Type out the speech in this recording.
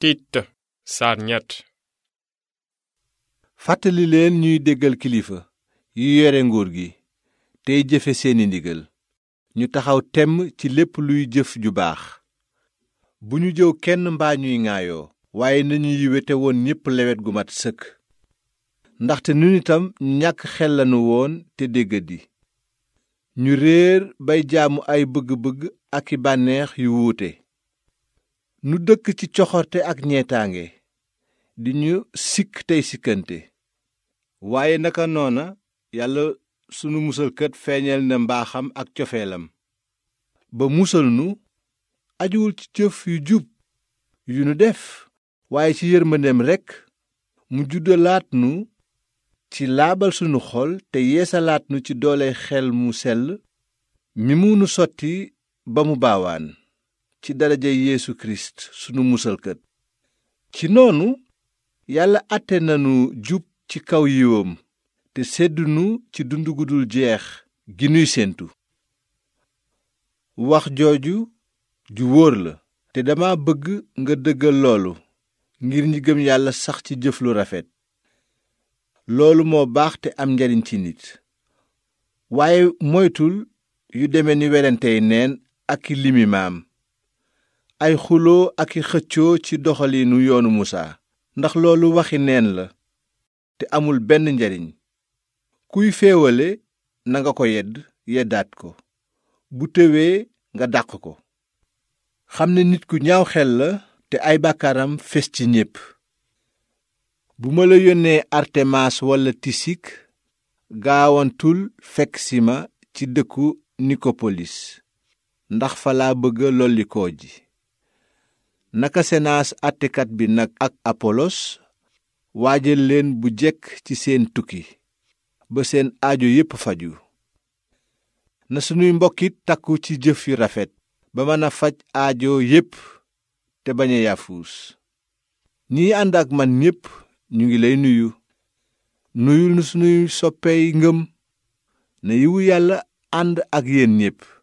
tiit fàttali leen ñuy déggal kilifa yu yore nguur gi tey jëfe seeni ndigal ñu taxaw temm ci lépp luy jëf ju baax bu ñu jëw kenn mbaa ñuy ŋaayoo waaye nañu yiwete woon ñépp lewet gu mat sëkk ndaxte nun itam ñàkk xel lanu woon te déggadi ñu réer bay jaamu ay bëgg-bëgg ak i bànneex yu wuute nu dëkk ci coxorte ak ñeetaange di ñu sikk tey sikkante waaye naka noona yàlla sunu musalkat feeñal na mbaaxam ak cofeelam ba musal nu ajuwul ci jëf yu jub yu nu def waaye ci yërmandeem rekk mu juddalaat nu ci laabal sunu xol te yeesalaat nu ci doole xel mu sell mi mu sotti ba mu baawaan ci daraja Yeesu Kirist sunu musalkat ci noonu yàlla àtte nanu jub ci kaw yiwam te seddunu ci dund gu jeex gi nuy séentu wax jooju ju wóor la te dama bëgg nga dëggal loolu ngir ñi yàlla sax ci jëf lu rafet loolu moo baax te am njariñ ci nit waaye moytul yu deme ni werantey neen ak limi maam ay xuloo ak i xëccoo ci doxalinu yoonu musaa ndax loolu waxi neen la te amul benn njariñ kuy féewale nanga ko yedd yeddaat ko bu tëwee nga dàq ko xam ne nit ku ñaaw xel la te ay bàkkaaram fes ci ñépp bu ma la yónnee artemaas walla tisik gaawantul fekk si ma ci dëkku nikopolis ndax fa laa bëgga lollikoo ji naka senaas àttekat bi nag ak apolos waajal leen bu jekk ci seen tukki ba seen aajo yépp faju na sunuy mbokkit takku ci jëf yu rafet ba mën a faj aajo yépp te bañ a yaafus ñiy ànd ak man ñépp ñu ngi lay nuyu nuyul nu sunuy soppey ngëm na yiwu yàlla ànd ak yéen ñépp